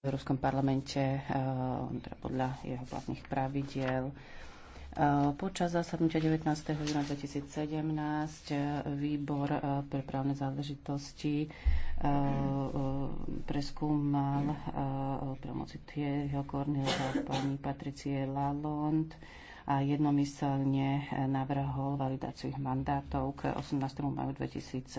v Európskom parlamente eh, teda podľa jeho platných pravidiel. Eh, počas zasadnutia 19. júna 2017 eh, výbor pre právne záležitosti preskúmal premoci tieho Cornelsa pani Patricie Lalonde a jednomyselne navrhol validáciu ich mandátov k 18. maju 2017.